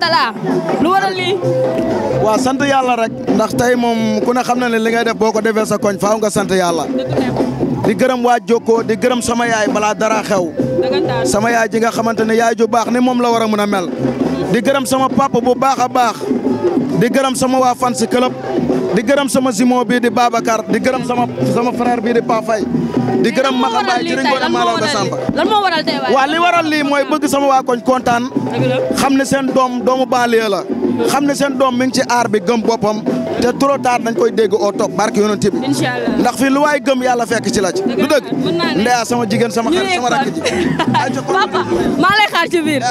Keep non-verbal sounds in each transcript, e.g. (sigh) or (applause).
waaw lu waral lii. sant yàlla rek ndax tey moom ku ne xam na ne li ngay def boo ko defee sa koñ faaw nga sant yàlla. di gërëm waa Jokko di gërëm sama yaay balaa dara xew. sama yaay ji nga xamante ne yaay ju baax ni moom la war a mën a mel. di gërëm sama papa bu baax a baax. di gërëm sama waa fan si club. di gërëm sama zimo bi di Babacar di gërëm sama sama frère di Pafay. di gërëm Maxa Mbaay jëriñ Ngoone Maalaw ga Samba waaw li waral lii mooy bëgg sama waa koñ kontaan xam ne seen doom doomu banlieue la xam ne seen doom mi ngi ci aar bi gëm boppam te trop nañ koy dégg au top barke yonent bi ndax fi lu waay gëm yàlla fekk ci la lu du dëgg ndeya sama jigéen sama xarit sama rakk maa lay xaar ci biir (laughs)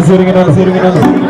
ah Sori ngi noonu Sori ngi noonu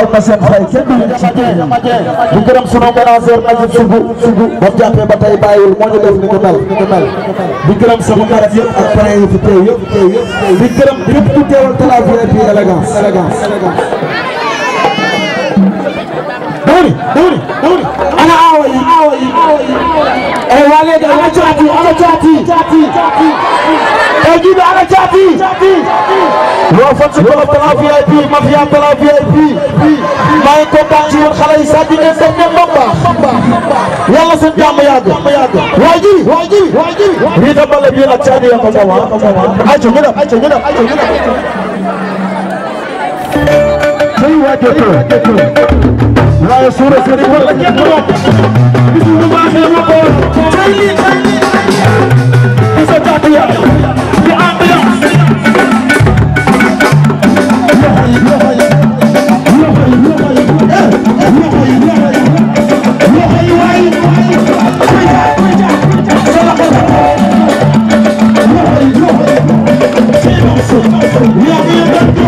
aw ma seen fay kenn du leen ci di gërëm sunu manager Najib Sugu ba mu ba tey bàyyiwul moo ñu def ni ko mel ni ko mel di gërëm sama ak pare yi fi teew yëpp teew ana aawa yi aawa yi ay eh, waa léegi ana caati ana caati caati Wengine ana chati. Lo Fonsi Club Tala VIP Mafia Tala VIP. maa ngi kontaan ci woon xale yi Sadji ngeen def ngeen ba baax. yàlla seen jàmm yàgg. waa ji waa ji waa ji. lii de mbala bii nag caadi yàlla ko sama. ayca ñu dem ayca ñu dem ayca ñu dem. sëñ waa Jokalante. waaye suura sëñ bi wala kenn du doon. bisu bu baaxee ma ko. tey lii tey lii. bisu taatu yàlla. Yeah, yeah, yeah.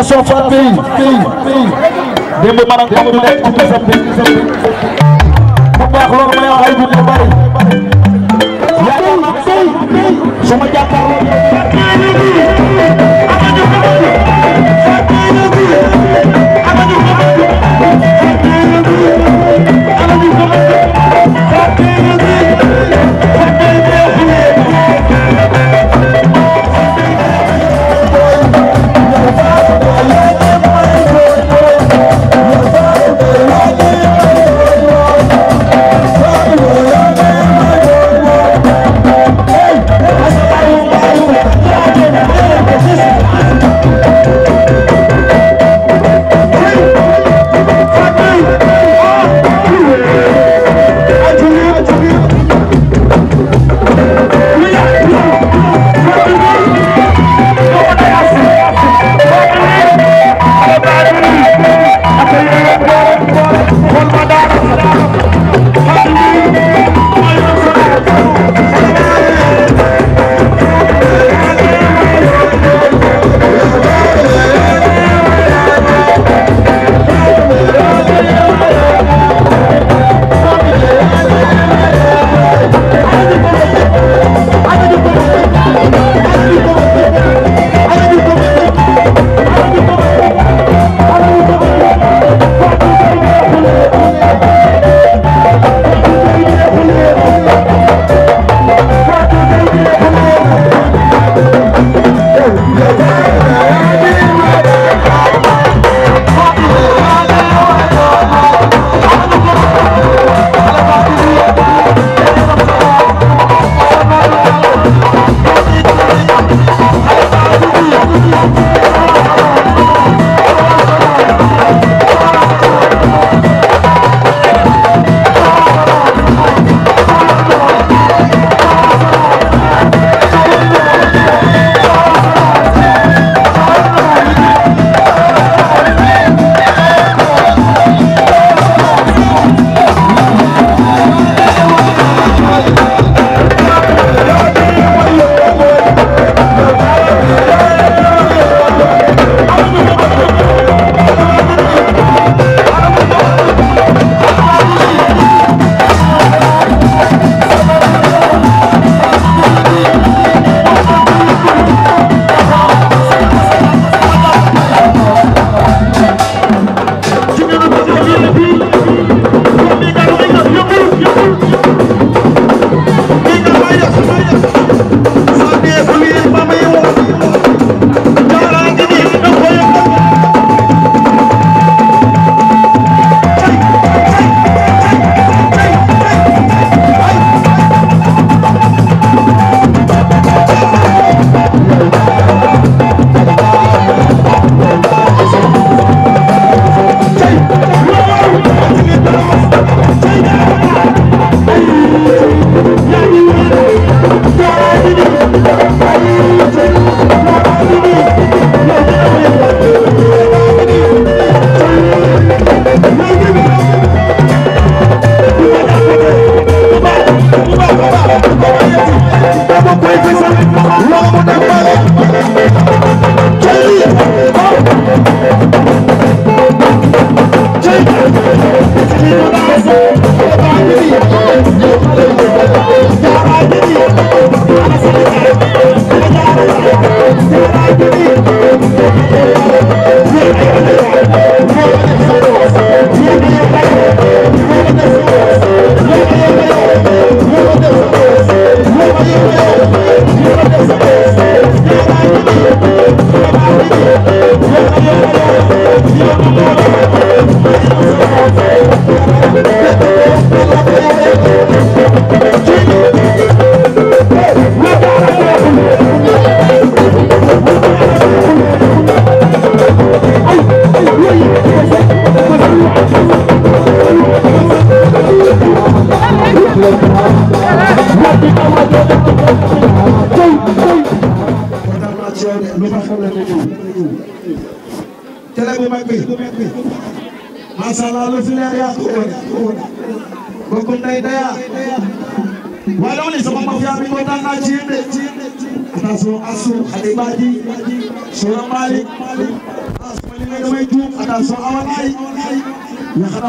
attention Fatou Beye démb ma nag moom mu nekk ci bisam bi bu baax loolu may wax ay bu bari yaa ngi su ma jàppale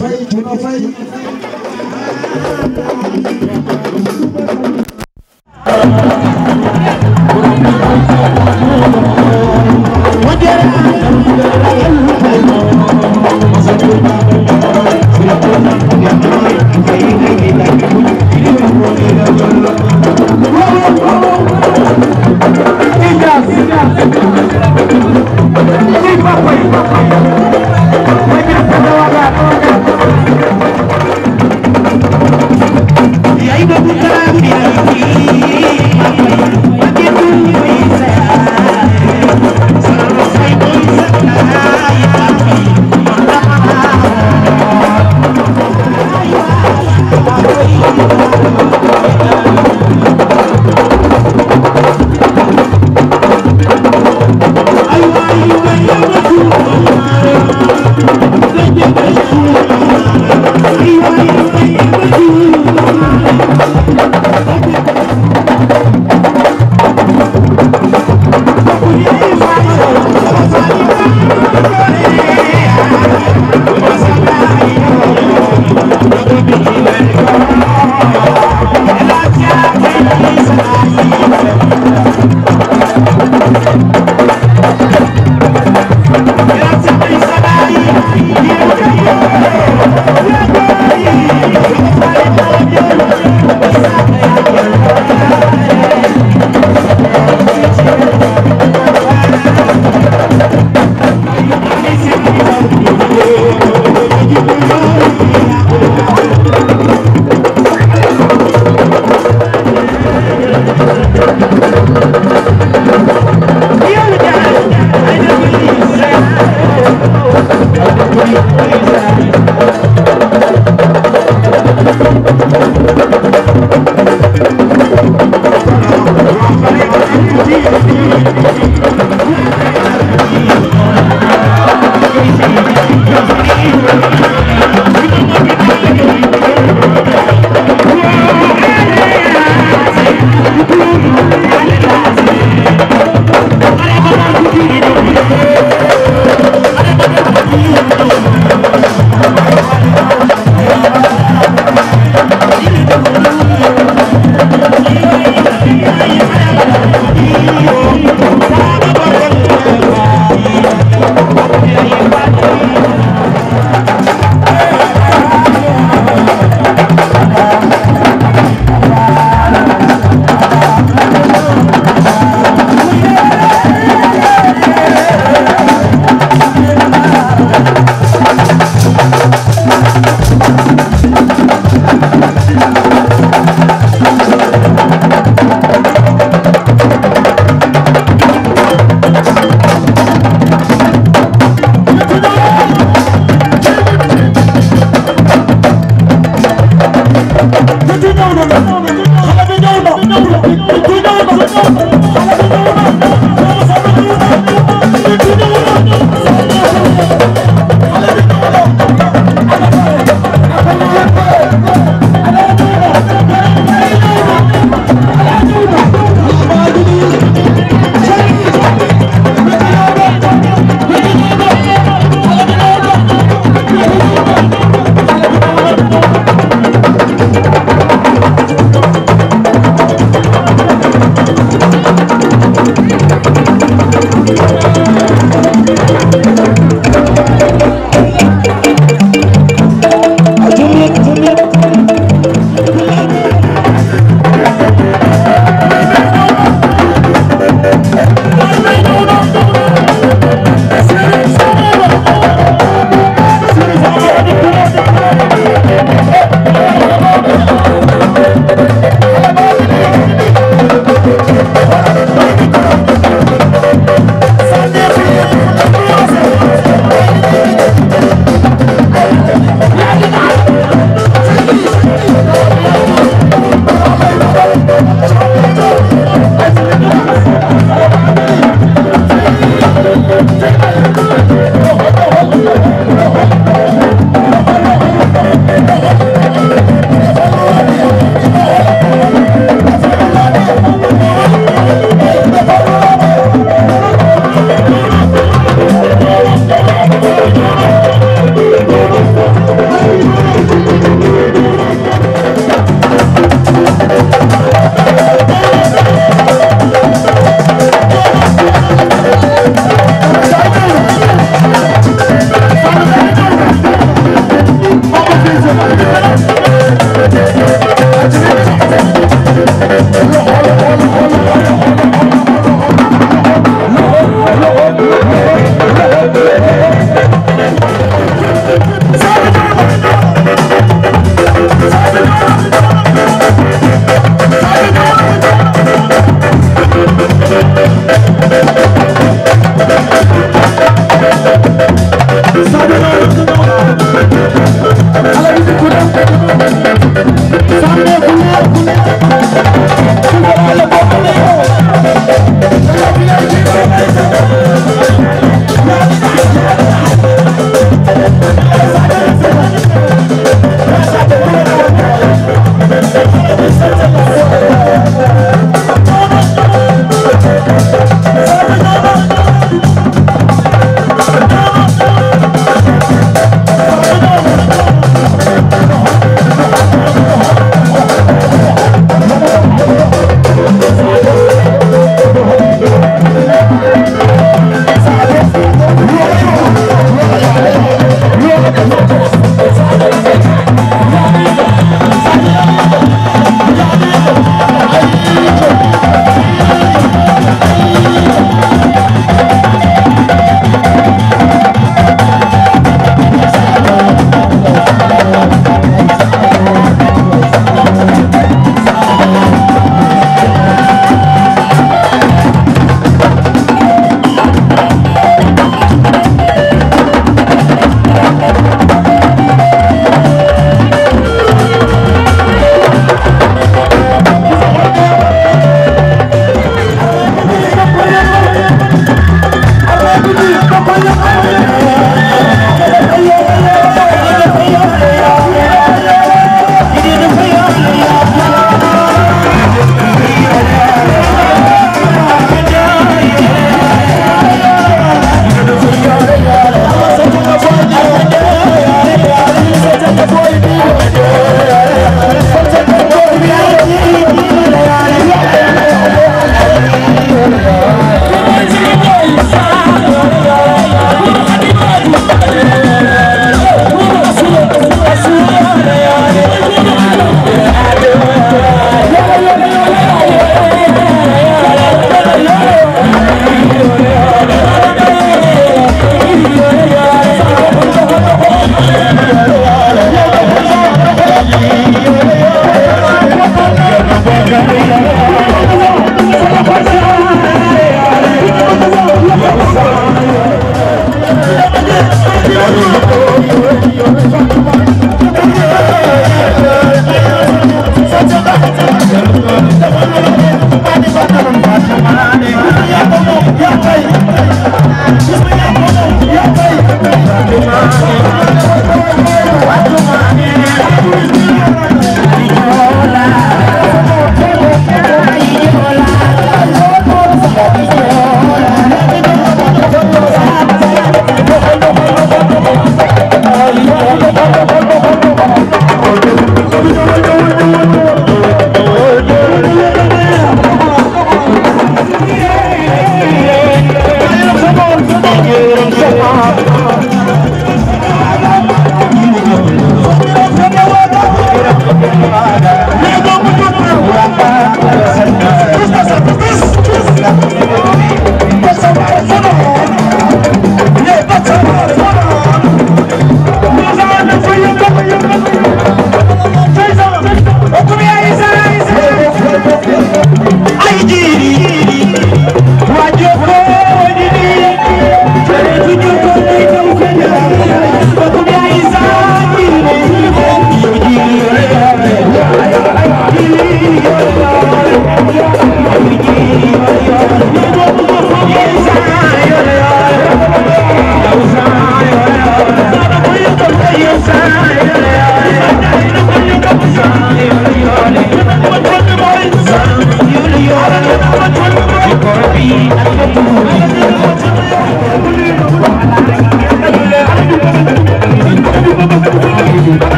fay dina fay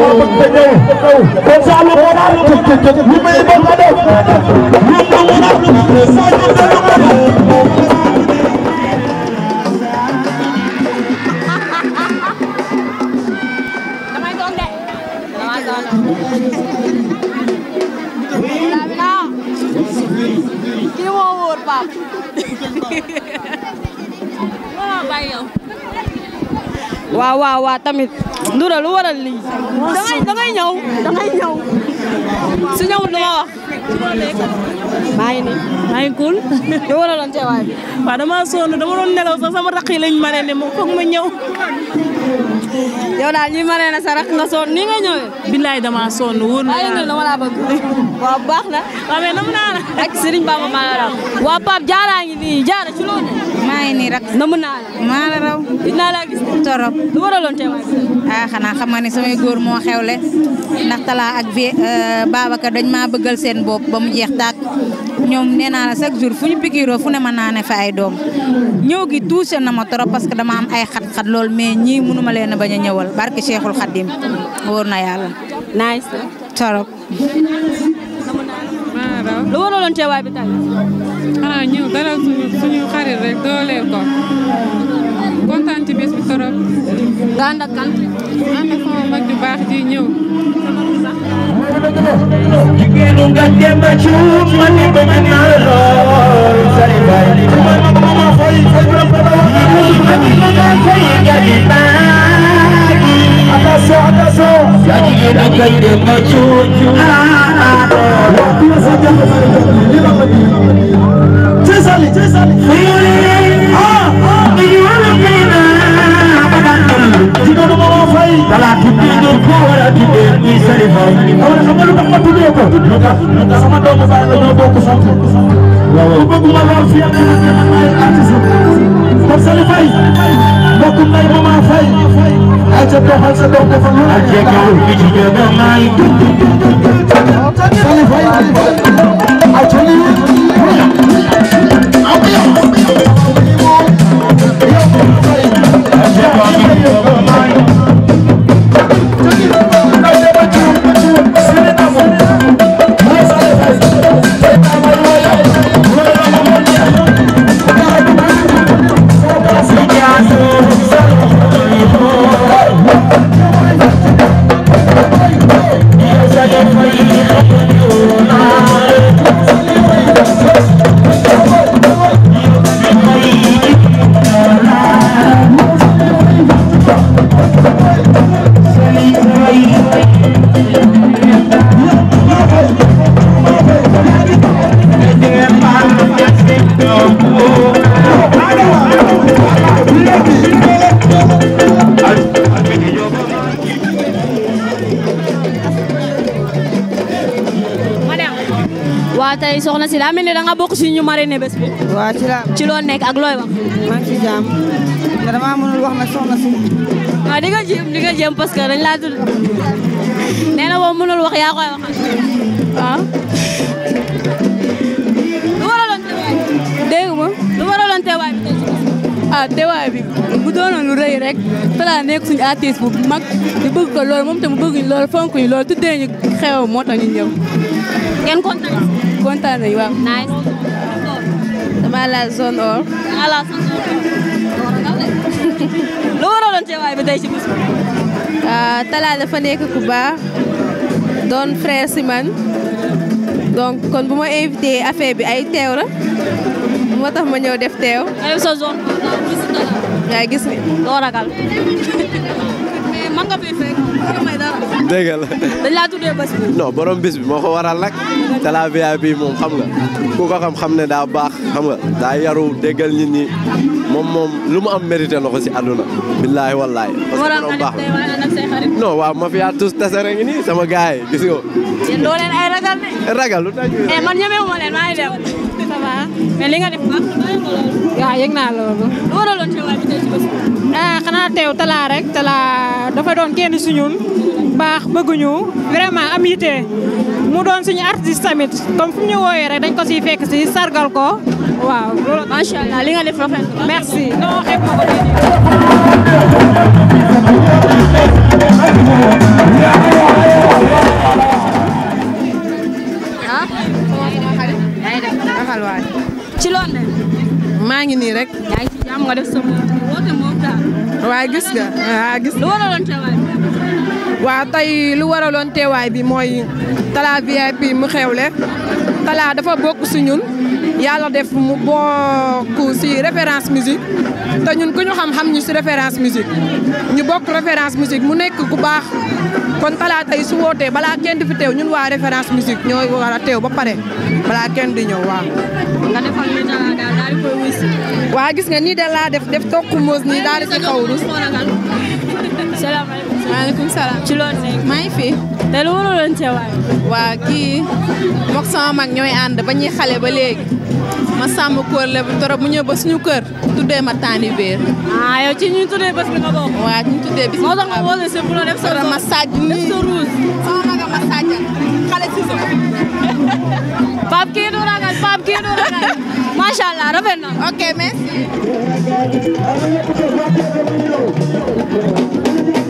dama bëgg te ko daal lu may bëgg a def lu nangu na saa ñu dëgg ko Ndoura lu waral lii. dangay dangay ñëw dangay ñëw. dama wax. maa ngi nii maa ngi cool. lu waraloon teewaay dama sonn dama doon nelaw sax sama rakk yi lañ ma ne ne ma foog ma ñëw. yow daal ñi ma na sa rakk nga nii nga ñëwee. billaay dama sonn wóor na la dama laa bëgg. waaw baax na. waaw mais nam naa la. ak Serigne Bamba maa la waa Pape Diarra ngi nii Diarra ci loolu. maa ngi nii rakk. namu torop lu ah, xanaa xam nga ne samay góor moo xewle ndax talaa ak bi euh, Babacar dañ ma bëggal seen bopp ba mu jeex tàkk ñoom ne naa la chaque jour fu ñu pikiiroo fu ne ma naa ne fa ay doom ñëw gi touché na ma torop parce que dama am ay xat-xat lool mais ñii mënu ma leen a bañ a ñëwal barke seexul Khadim wóor na yàlla. torop. torop ànd ak kan ànd ak sama mag ju baax ji ñëw jigéenu nga dem ci ma ni bëgg naa lool say baay li ma ma xoy sa bopp ma ni ma xoy ga di baagi attention attention ya jigéenu nga dem ci ah ah ah talaata tuddee ko wala tuddee muy Salif Ba. waaw xam nga lu tax ma tuddee ko. lu tax sama doomu baay la ñoo bokk sant. waaw waaw bëgg ma lool fii ak yeneen yeneen ay artistes. kon Salif Faye. mbokk mbay mama Faye. ay ca doxal sa doom dafa lu. ak jéegawul bi ci jëm maay. Salif Faye. ay ca lii. aw yow. yow. ne da nga bokk si ñu marraine bés bi. waaw ci la ci loo nekk ak looy wax. maa ngi ci jàmm. nga damaa mënul wax nag soxna si. waaw di nga jéem di nga jéem parce que dañ laa tudd. nee na moom mënul ah. lu waraloon teewaay bi. dégg nga lu waraloon teewaay bi tey ci ah, lu rëy rek Fala nekk suñu artiste bu mag ñu bëgg ko lool moom te mu bëgg ñu lool fonk ñu lool tuddee ñu moo tax ñu ñëw. kontaan nañu waaw. nice. la zone or. dama (laughs) ah, la zone bi tey ci bis bi. Talla dafa nekk ku baax doon frère si man kon bu ma invité affaire bi ay teew la moo tax ma ñëw def teew. sa yaa gis nga. doo ragal. (laughs) man nga la. borom bés moo ko waral nag. te la VIP moom xam nga ku ko xam-xam ne daa baax xam nga daa yaru déggal nit ñi moom moom lu mu am mérité na ko si àdduna billaahi wallaahi parce que baax waaw ma fiyaa tous tasere ngi nii sama gars yi gis nga yéen doo leen ay ragal de ragal lu tax eh, man ñemewuma leen nga def baax waaw yëg loolu lu waraloon teewaay bi tey si bés ah xanaa teew talaa vraiment am yitte mu doon suñu artiste tamit comme fu ñu wooyee rek dañ ko siy fekk si sargal ko waaw. macha allah li nga def rafet merci. ci loolu de. maa ngi nii rek. yaa ngi ci jàmm nga def sa woote moom daal. waaye gis nga waaw gis nga. waaw tey lu waraloon teewaay bi mooy talaa VIP mu xew le Talla dafa bokk si ñun yàlla def mu bokk si référence musique te ñun ku ñu xam-xam ñu si référence musique ñu bokk référence musique mu nekk ku baax kon Talla tey su wootee balaa kenn di fi teew ñun waa référence musique ñoo war a teew ba pare balaa kenn di ñëw waaw. waa gis nga nii da laa def def tokk moos nii daal di si rus. maaleykum salaam ci loolu maa ngi fi. te lu waraloon cee waay. waa kii mook ñooy ànd ba ñuy xale ba léegi ma sàmm mu ñëw ba suñu kër tuddee ma taani béer. Ah, ci ñu tuddee bi nga waa ci ñu bis. moo tax nga boole bu la def sa ma (laughs) kii du ragal Pape kii du ragal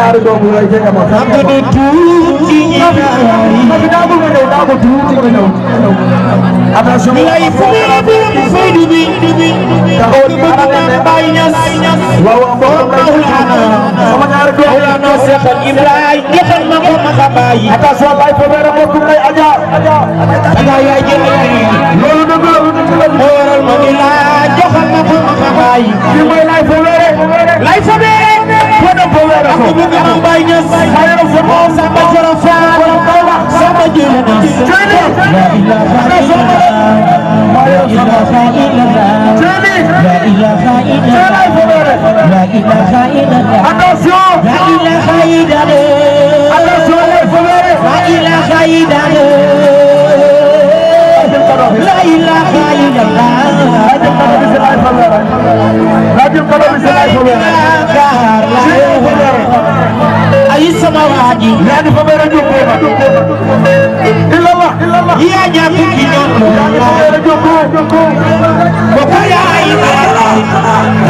ñaari doom yooyu jege ma. am na tuuti ñaari. ma fi daa bëgg a ñëw daa ko tuuti nga ñëw. attention. lay fayal bi fay du bi du bi. taxaw ni ala la ne bay ñas. waaw waaw mbokk mi sama ñaari doom. wala noo seqal Ibrahima jëfal ma ko ma sa bàyyi. attention bay fa weer a mbokk mi lay Adja. Adja yaay jël loolu dëgg la. moo waral ma ni laa joxal ma ko ma sa bàyyi. li may lay fa weer. lay sabe kono bowero ko am bay ñas bayro foto samba jara faal samba jara jani la ilaha illallah la ilaha illallah jani la ilaha illallah la ilaha illallah attention la ilaha illallah attention la ilaha illallah لا إله إلا الله أي سماوات لا نفبر إلا الله إلا الله يا جابك يا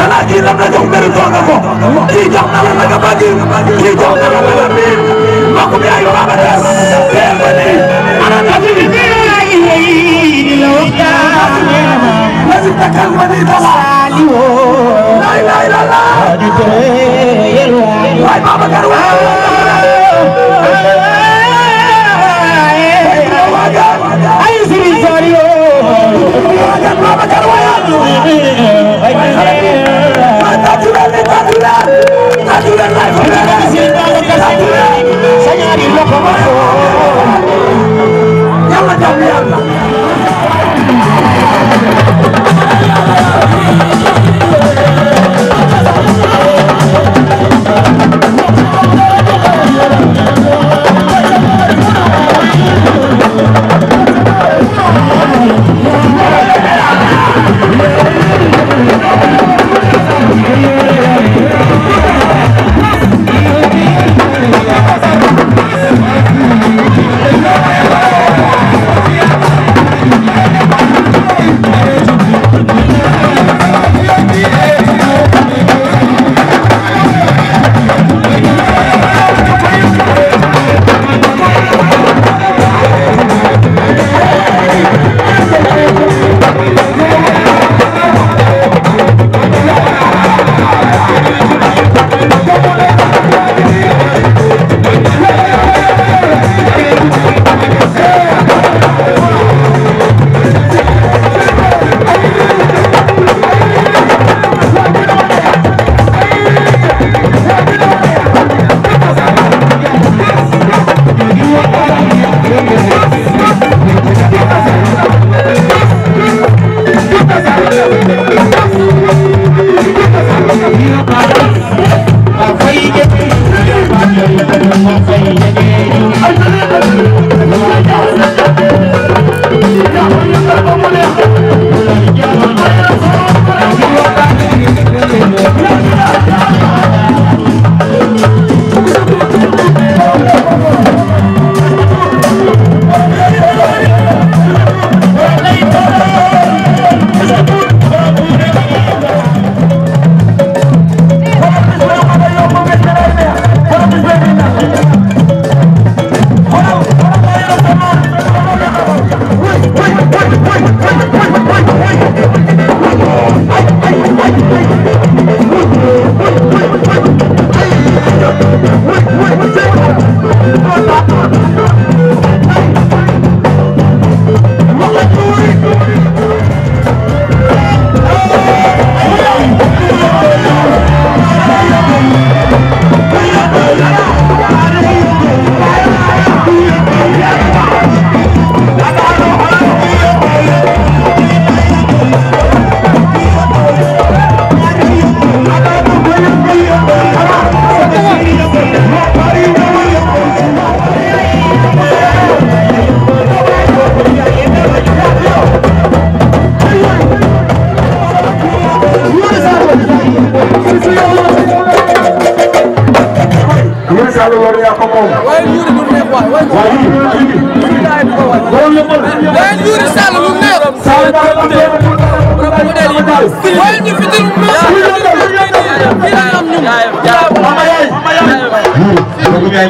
xanaa kii lam la jox mbir doon nga ko kii jox na la naka bàjj kii jox na la naka biir mbokk bi ay baba des. سيد الوفاء وزدك المديد الصالح لا اله الا الله هديت يلوى واي بابا كروان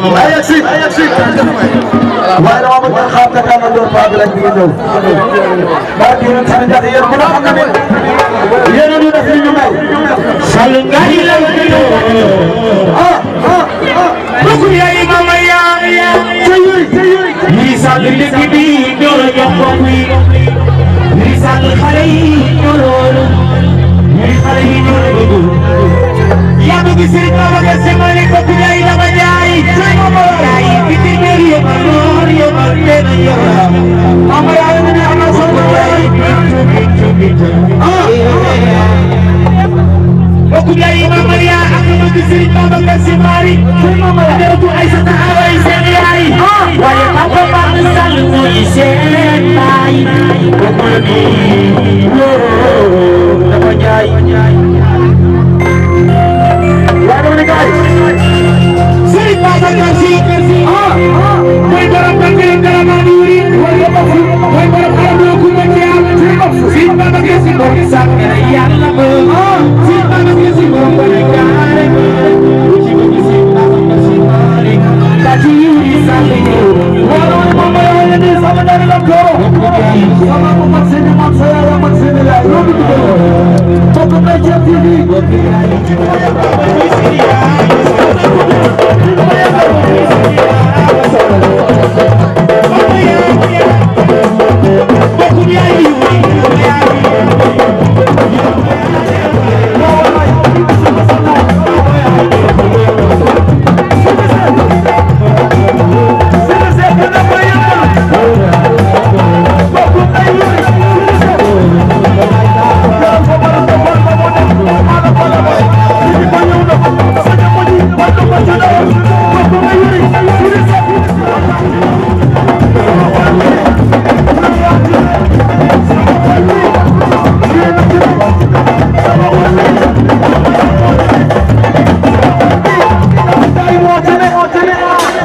waaye yegg si waaye dama bëgg ngeen xam ne kàlla doon paa bi rek ñu ngi ñëw. maa ngi leen di sant yàlla yéen bu baax a tamit yéen a ngi def li ñu mel. Sall nga ñu leen di ñëw. ah ah ah. dugg yaay ma ma yaa yaa. te yooyu te yooyu. lii Sall dëkk bi ñoro jox bopp yi. lii Sall xale yi ñoro la. lii xale yi ñoro la. yaa ngi gis Serigne Babacar Sy ma ne ko Why don't we guys? Serigne Babacar Sy ah mooy ah, ah. borom Bakel Darama di wuri mooy borom Aladou Koumba Thiam Serigne Babacar Sy borom sàkk na yàlla ba ah, Serigne Babacar Sy borom ba ne gaare ba ci bëgg Serigne Babacar Sy maalik ba ci wuri sàkk waroon ma ne nii sama ndari la dooro sama mu mag seen i maam sa yaay mag seen i yaay loolu du dooro mbokk Médhian TV Thank you.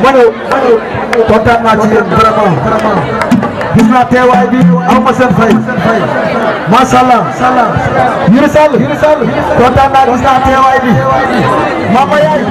Manu kontaan naa ci yéen vraiment gis naa teewaay bi aw ma seen fay macha allah Yiri Sall kontaan naa gis naa teewaay bi mama yaay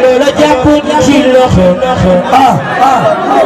loola jàpp ci loxo ah ah, ah.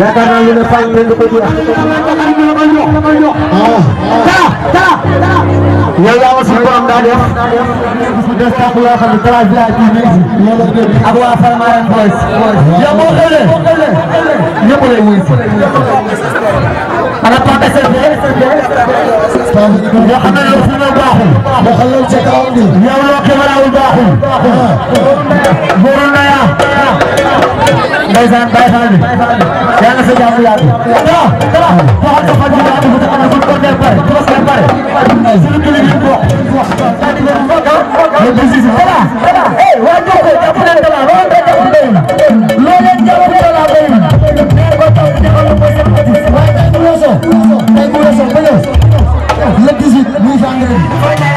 yaakaar naa lu ne fang ngeen di ko jox. waaw. taa taa. yow yaa ma suñu borom daa def. su des tàq yoo xam ne Trash Village TV ak waa Palmarin Boys. yow boo xëlee. ñëpp lay wuy si. ana Papa Sène. yoo xam ne yow fi mu baaxul. waxal leen ca kawam bi. yow loo caméra wul baaxul. booru na yaa. ndeysaan Baye Fall bi yàlla sa jàmm yaatu waaw waxal ko fan yi daal di ko defal suñu ko dee pare su ko pare suñu kilifa yi wax wax le président voilà eh waa Jokko jàpp leen dala waa nga jàpp mbay mi loo leen jàpp dala mbay mi nee ko taw defal ko sa waaye tey bu weesoo tey bu weesoo ba ñëw le 18 muy vendredi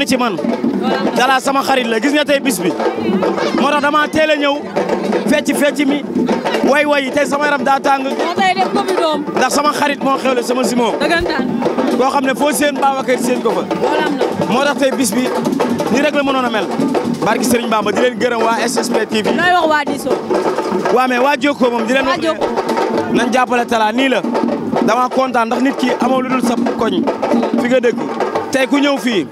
sonn ci man dala sama xarit la gis nga tey bis moo tax dama teel a ñëw fecc fecc mi way way tey sama yaram daa tàng ndax sama xarit moo xewle sama simon koo xam ne foo seen Babacar seen ko fa moo tax tey bis bi nii rek la mënoon a mel barki Serigne Bamba di leen gërëm waa SSP TV looy waa Diso waa mais waa Jokko moom di leen wax nañ jàppale Talla nii la dama kontaan ndax nit ki amoo lu dul sa koñ fi nga dëkk tey ku ñëw fii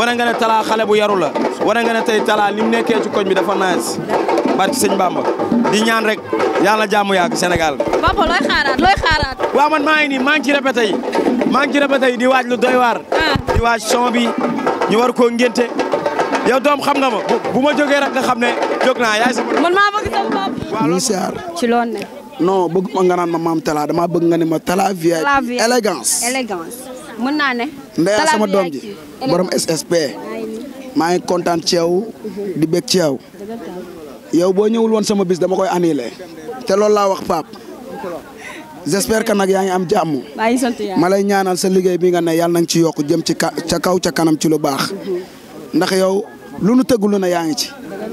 war nga ne talaa xale bu yaru la war nga ne tey Talla ni mu nekkee ci koñ bi dafa naaj barki sëñ Bamba di ñaan rek yàlla jàmm yàgg Sénégal. papa looy looy xaaraat. waaw man maa ngi nii maa ngi ci répété yi maa ngi ci répété yi di waaj lu doy waar. Ah. di waaj son bi ñu war ko ngénte yow doom xam nga ma bu ma jógee rek nga xam ne jóg naa yaay sama. man ci loon ne. non bëgg ma maam Talla damaa bëgg nga ne ma Talla vie. mën naa ne. ndeya sama doom ji borom SSP. maa ngi kontaan ci yow di bég ci yow. yow boo ñëwul woon sama bis dama koy annulé. te loolu laa wax Pape. j'espère que nag yaa ngi am jàmm. maa ngi sant yàlla ma sa liggéey bi nga ne yàlla nañ ci yokk jëm ci ca kaw ca kanam ci lu baax. ndax yow lu nu tëgg lu na yaa ngi ci.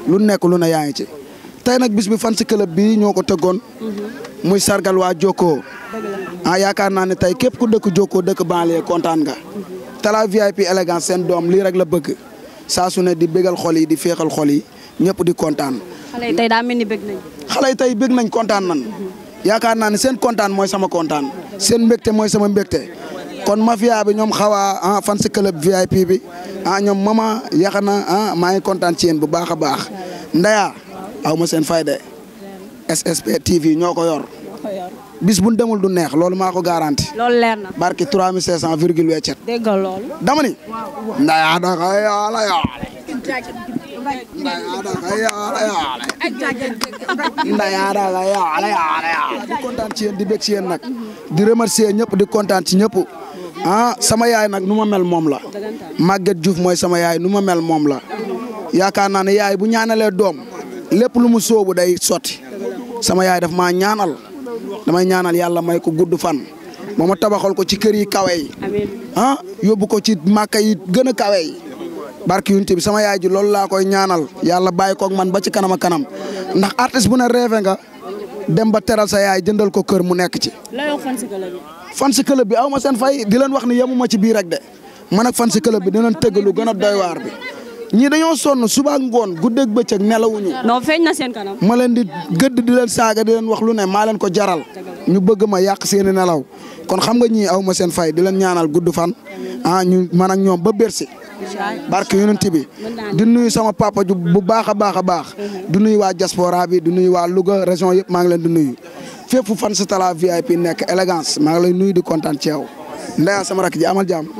lu nekk lu na yaa ngi ci. tey nag bis bi fan si club bi ñoo ko tëggoon. Mhm. muy sargal waa Jokko. ah yaakaar naa ne tey képp ku dëkk jokkoo dëkk banlieue kontaan nga Talla VIP élégance seen doom lii rek la bëgg saa su ne di bégal xol yi di féexal xol yi ñëpp di kontaan. xale yi tey daa mel bëgg nañ. tey bëgg nañ kontaan nan yaakaar naa ne seen kontaan mooy sama kontaan seen mbégte mooy sama mbégte kon mafia bi ñoom xawaa ah fan si club VIP bi ah ñoom mama yaxana ah maa ngi kontaan ci yéen bu baax a baax ndaya aw ma seen fayda SSP TV ñoo ko yor. bis bu ñu demul du neex loolu maa ko garanti. loolu leer na barki 3500 virgule weccet. dégg nga loolu. yaala yaala di kontaan ci yéen di bég ci yéen nag. di remercier ñëpp di kontaan ci ñëpp. ah sama yaay nag nu ma mel moom la. Maguette Diouf mooy sama yaay nu ma mel moom la. yaakaar naa ne yaay bu ñaanalee doom lépp lu mu sóobu day sotti. sama yaay def maa ñaanal. damay ñaanal yàlla may ko gudd fan ba ma tabaxal ko ci kër yi kawe yi ah, yóbbu ko ci màkka yi gën a kawe yi barki yunte bi sama yaay ji loolu laa koy ñaanal yàlla bàyyi koog man ba ci kanam kanam ndax artiste bu na rêvé nga dem ba teral sa yaay jëndal ko kër mu nekk ci. fan si club bi aw ma seen fay di leen wax ni yemuma ci biir rek de man ak fan si club bi dinañ tëgg lu gën a doy bi. ñii dañoo sonn suba ak ngoon guddeeg bëccëg nelawuñu. non feeñ na seen kanam. ma leen di gëdd di leen saaga di leen wax lu ne maa leen ko jaral. ñu bëgg ma yàq seen nelaw kon xam nga ñii aw ma seen fay di leen ñaanal gudd fan ah ñu man ak ñoom ba Bercy. barke yonent bi di nuyu sama papa ju bu baax a baax a baax. du nuyu waa diaspora bi du nuyu waa Louga région yëpp maa ngi leen di nuyu. fépp fu fan sa Talla VIP nekk élégance maa ngi lay nuyu di kontaan ci yow sama rakk ji amal jàmm.